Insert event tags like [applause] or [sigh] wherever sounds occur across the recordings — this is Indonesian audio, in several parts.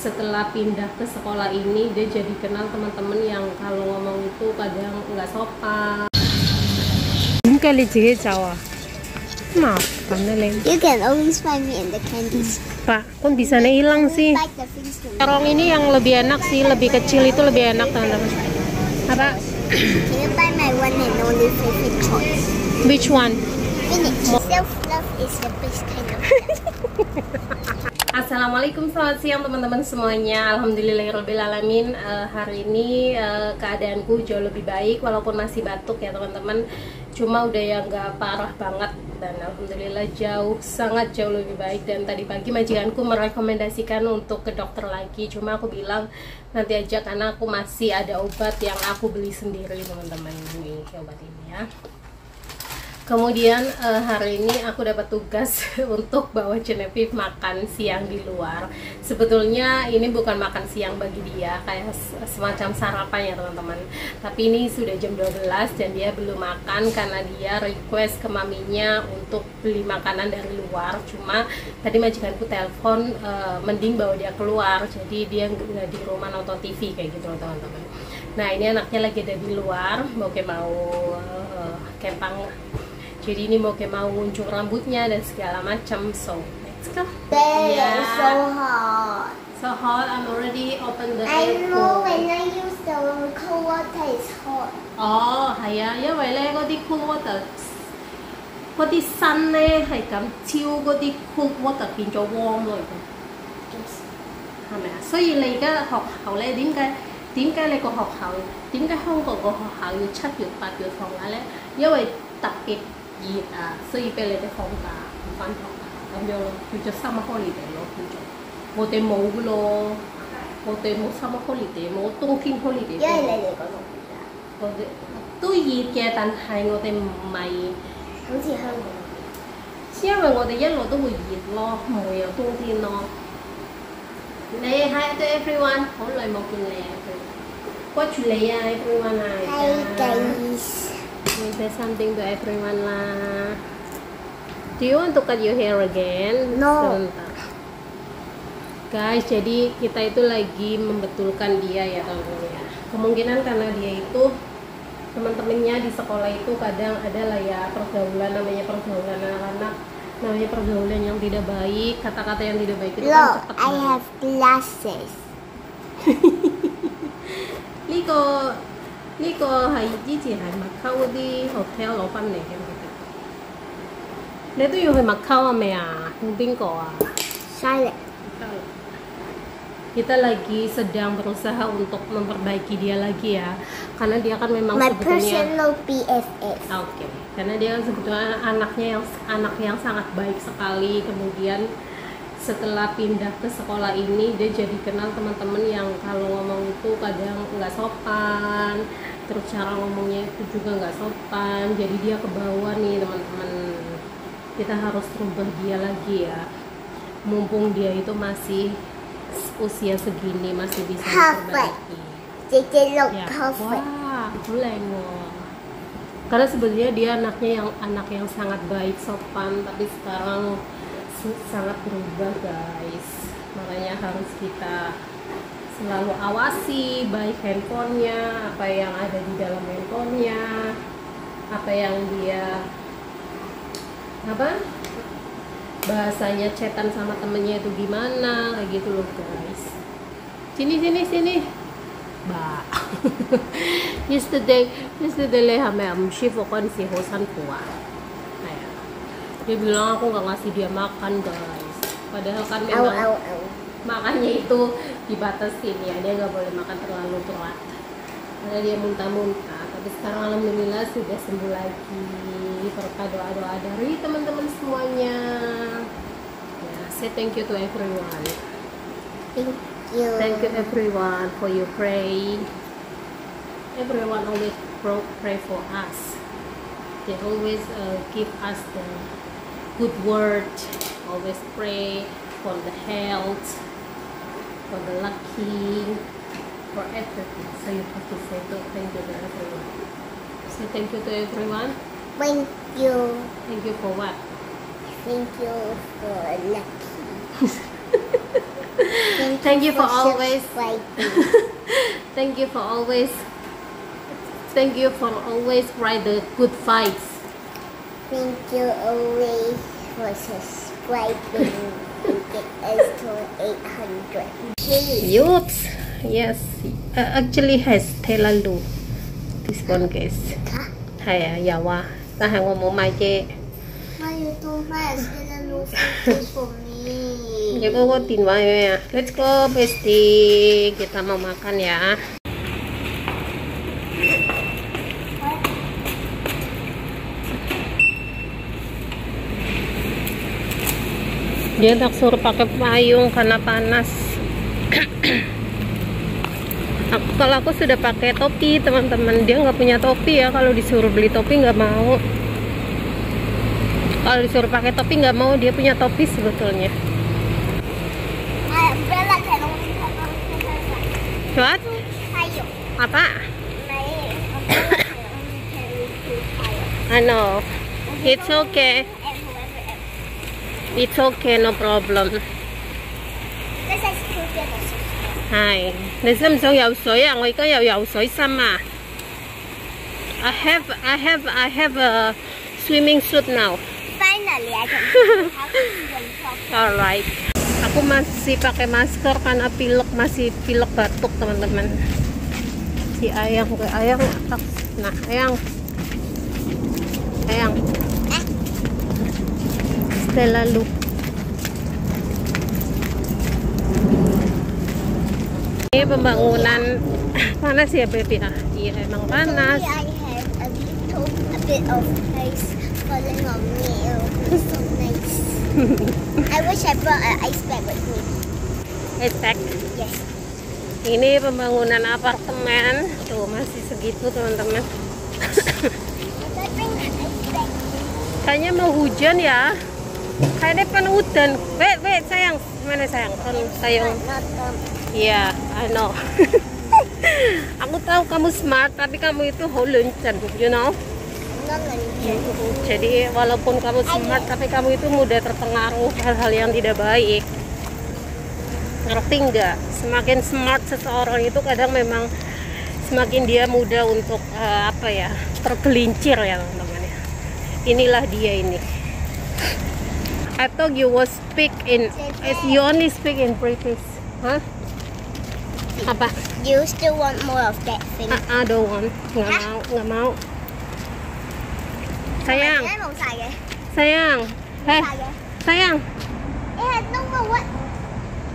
setelah pindah ke sekolah ini dia jadi kenal teman-teman yang kalau ngomong itu kadang nggak sopan. Kali jadi maaf karena lain. You can always find me in the candy. Hmm. Pak, kok bisa hilang sih? Terong ini yang lebih enak sih, lebih kecil itu lebih enak teman-teman. Apa? Can you buy my one and only favorite choice? Which one? Self love is the best kind of. [laughs] Assalamualaikum selamat siang teman-teman semuanya Alhamdulillahirrohmanirrohim uh, eh, Hari ini uh, keadaanku jauh lebih baik Walaupun masih batuk ya teman-teman Cuma udah yang gak parah banget Dan Alhamdulillah jauh sangat jauh lebih baik Dan tadi pagi majikanku merekomendasikan untuk ke dokter lagi Cuma aku bilang nanti aja karena aku masih ada obat yang aku beli sendiri teman-teman Ini obat ini ya kemudian uh, hari ini aku dapat tugas [laughs] untuk bawa Genevieve makan siang di luar sebetulnya ini bukan makan siang bagi dia kayak semacam sarapan ya teman-teman tapi ini sudah jam 12 dan dia belum makan karena dia request ke maminya untuk beli makanan dari luar cuma tadi majikanku telepon uh, mending bawa dia keluar jadi dia nggak di rumah nonton TV kayak gitu teman-teman nah ini anaknya lagi ada di luar mau kayak mau uh, eh, kempang jadi ini mau kayak mau nguncup rambutnya dan segala macam so let's go They yeah. are so hot so hot I'm already open the I know when I use the cold water it's hot oh là à 係啊因為咧嗰啲 cool water 嗰啲身咧係咁超嗰啲 cool water 變咗 warm 嚟嘅係咪啊？所以你而家學校咧點解？點解你個學校點解香港個學校要七月八月放假咧？因為特別熱啊，所以俾你哋放假唔返學咁樣咯，叫做 summer holiday 咯，叫做。我哋冇噶咯，我哋冇 summer holiday，冇冬天 holiday。因為你哋嗰度熱啊，我哋都熱嘅，但係我哋唔係好似香港。因為我哋一路都會熱咯，唔會有冬天咯。你 hi to everyone，好耐冇見你啊！歡迎你啊！everyone 啊。you say something to everyone lah do you want to cut your hair again no Sebentar. guys jadi kita itu lagi membetulkan dia ya teman-teman ya kemungkinan karena dia itu teman-temannya di sekolah itu kadang ada lah ya pergaulan namanya pergaulan anak-anak namanya pergaulan yang tidak baik kata-kata yang tidak baik itu kan Look, kan cepat I banget. have glasses [laughs] Liko 呢個係之前係麥溝嗰啲 hotel 攞翻嚟嘅，你都要去麥溝啊未啊？同邊個啊？Silent. Kita lagi sedang berusaha untuk memperbaiki dia lagi ya, karena dia kan memang My sebetulnya. personal BFF. Ah, oke, okay. karena dia kan sebetulnya anaknya yang anak yang sangat baik sekali, kemudian setelah pindah ke sekolah ini dia jadi kenal teman-teman yang kalau ngomong itu kadang nggak sopan terus cara ngomongnya itu juga nggak sopan jadi dia ke bawah nih teman-teman kita harus rubah dia lagi ya mumpung dia itu masih usia segini masih bisa diperbaiki ya, wah boleh karena sebenarnya dia anaknya yang anak yang sangat baik sopan tapi sekarang sangat berubah guys makanya harus kita selalu awasi baik handphonenya apa yang ada di dalam handphonenya apa yang dia apa bahasanya cetan sama temennya itu gimana kayak gitu loh guys sini sini sini bah [laughs] yesterday yesterday leh hamem fokon si hosan kuah dia bilang aku nggak ngasih dia makan guys padahal kan memang ow, ow, ow. makannya itu dibatasi ya dia nggak boleh makan terlalu telat karena dia muntah-muntah tapi sekarang alhamdulillah sudah sembuh lagi berkat doa doa dari teman-teman semuanya ya saya thank you to everyone thank you thank you everyone for your pray everyone always pray for us they always uh, give us the good word always pray for the health for the lucky for everything so you have to say thank you to everyone say thank you to everyone thank you thank you for what thank you for lucky thank, [laughs] thank you, you for, for always [laughs] thank you for always thank you for always write the good fights think you're always for subscribing and get us to 800. Oops. Yes. Uh, actually has telalu. This one guys. Hay à, giàu à. Ta hàng ngô mua mai chê. Mai YouTube ya mai ya telalu for me. Ya kok tin wae ya. Ah. Let's go bestie. Kita mau makan ya. Dia tak suruh pakai payung karena panas. aku kalau aku sudah pakai topi teman-teman dia nggak punya topi ya kalau disuruh beli topi nggak mau kalau disuruh pakai topi nggak mau dia punya topi sebetulnya What? apa ano nah, it's okay It's okay, no problem. Hi, I have, I have, I have a swimming suit now. Finally, I can. [laughs] All right. Aku masih pakai masker karena ah, pilek masih pilek batuk teman-teman. Si ayang, ayang, nah ayang, ayang. Stella Look ini pembangunan panas ya baby ah iya emang panas I [laughs] I wish I brought an ice bag with me ice bag yes ini pembangunan apartemen tuh masih segitu teman-teman kayaknya mau hujan ya depan panutan. Wait, wait, sayang. Mana sayang? Kan sayang. Iya, yeah, I know. [laughs] Aku tahu kamu smart, tapi kamu itu holuncan, you know? Jadi walaupun kamu smart, tapi kamu itu mudah terpengaruh hal-hal yang tidak baik. Ngerti nggak? Semakin smart seseorang itu kadang memang semakin dia mudah untuk uh, apa ya tergelincir ya teman-teman Inilah dia ini. I thought you was speak in you only speak in British, huh? Apa? You still want more of that thing? I, I don't want. Ngậm Hả? out, ngậm out. Sayang. Sayang. Hey. Sayang. Eh, no more what?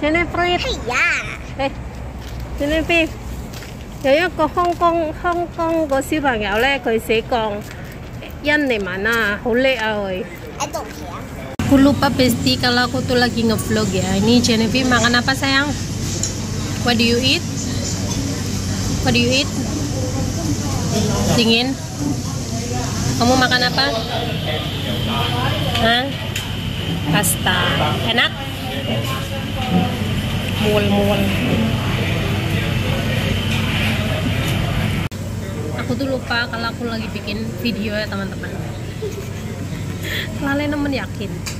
Jennifer. Hey, yeah. Hey. Jennifer. Có một 個香港香港個小朋友咧，佢寫講印尼文啊，好叻啊佢。I don't care. aku lupa besti kalau aku tuh lagi ngevlog ya ini Genevieve makan apa sayang what do you eat what do you eat dingin kamu makan apa Hah? pasta enak mual-mual aku tuh lupa kalau aku lagi bikin video ya teman-teman Lale nemen yakin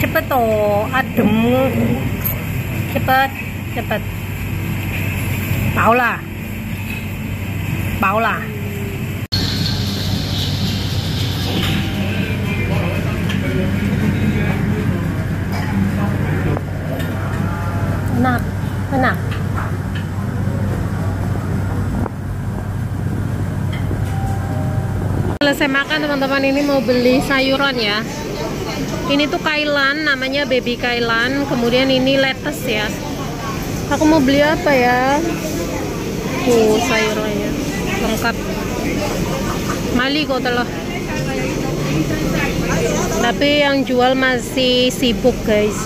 cepet toh adem cepet cepet Paula Paula enak enak selesai makan teman-teman ini mau beli sayuran ya ini tuh kailan namanya baby kailan kemudian ini lettuce ya aku mau beli apa ya tuh sayurnya ya. lengkap mali kok telah tapi yang jual masih sibuk guys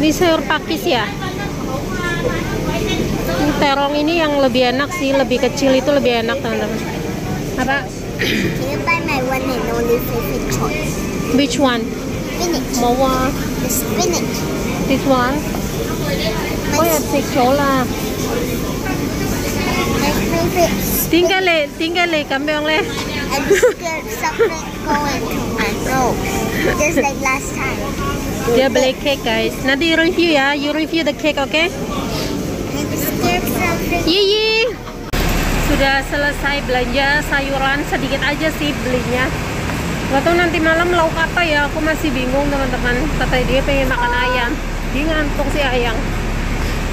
ini sayur pakis ya ini terong ini yang lebih enak sih lebih kecil itu lebih enak teman-teman apa Can you buy my one and only favorite Which one? spinach. Mawar. The spinach. This one? oh, yeah, take chola. Tinggal le, tinggal le, kambing le. I'm scared something going to my Just like last time. Dia beli cake, guys. Nanti you review ya. You review the cake, okay? I'm scared something. Yee yee. Sudah selesai belanja sayuran sedikit aja sih belinya. Gak tau nanti malam lauk kata ya, aku masih bingung teman-teman. Kata dia pengen makan ayam. Dia ngantuk sih ayam.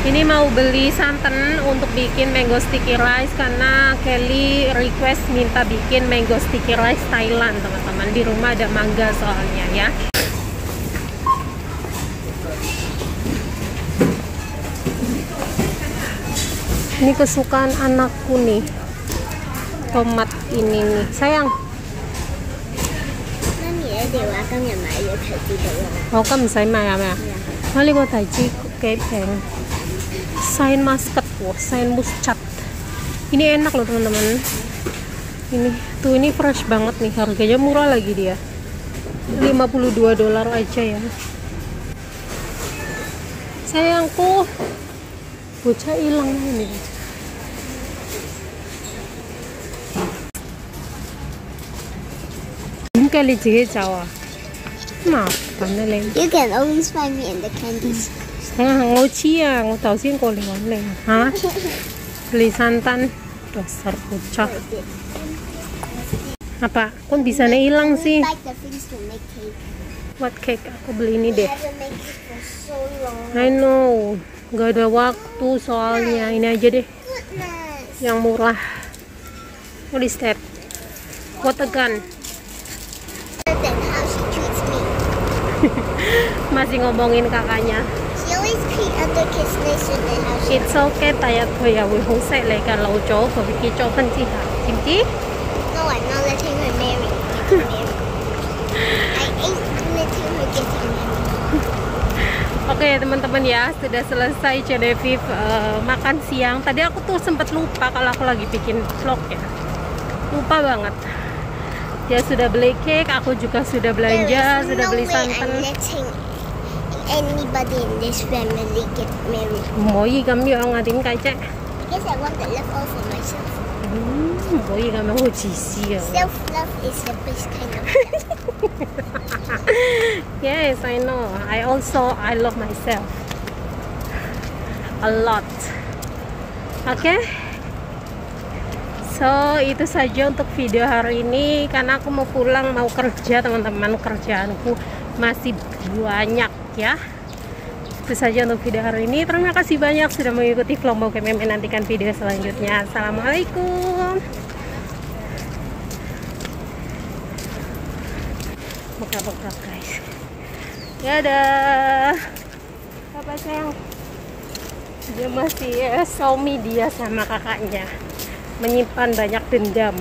Ini mau beli santan untuk bikin mango sticky rice karena Kelly request minta bikin mango sticky rice Thailand teman-teman. Di rumah ada mangga soalnya ya. Ini kesukaan anakku nih. Tomat ini nih. Sayang, 電話今日買嘢提子到啦。我今唔使買係咪啊？我呢個提子幾平？Sign muscat 喎 sign muscat. Ini enak loh teman-teman. Ini tuh ini fresh banget nih harganya murah lagi dia. 52 dolar aja ya. Sayangku, bocah hilang ini. bocah. You can always find me in the candy beli santan dasar bocah. Apa? Kon bisa nih hilang sih? What cake? Aku beli ini deh. I know, gak ada waktu soalnya. Ini aja deh, yang murah. What is that? What a gun? [laughs] masih ngomongin kakaknya It's okay, tại ya, à, hồi hôn sẽ lại cả lâu chỗ của Vicky jo thân chị ha. Chính No, I'm not letting her marry. [laughs] I ain't letting her get married. Oke okay, teman-teman ya sudah selesai Cedeviv uh, eh, makan siang. Tadi aku tuh sempat lupa kalau aku lagi bikin vlog ya, lupa banget dia sudah beli cake aku juga sudah belanja sudah no beli santan anybody in this family get married Moyi kami orang à điểm cái chứ I want the love all for myself Hmm, moyi kami chỉ xí ya. à self love is the best kind of [laughs] yes I know I also I love myself a lot okay so itu saja untuk video hari ini karena aku mau pulang mau kerja teman-teman kerjaanku masih banyak ya itu saja untuk video hari ini terima kasih banyak sudah mengikuti vlog mau kemen nantikan video selanjutnya Assalamualaikum buka-buka guys ya ada apa sayang dia masih ya, eh, suami dia sama kakaknya menyimpan banyak dendam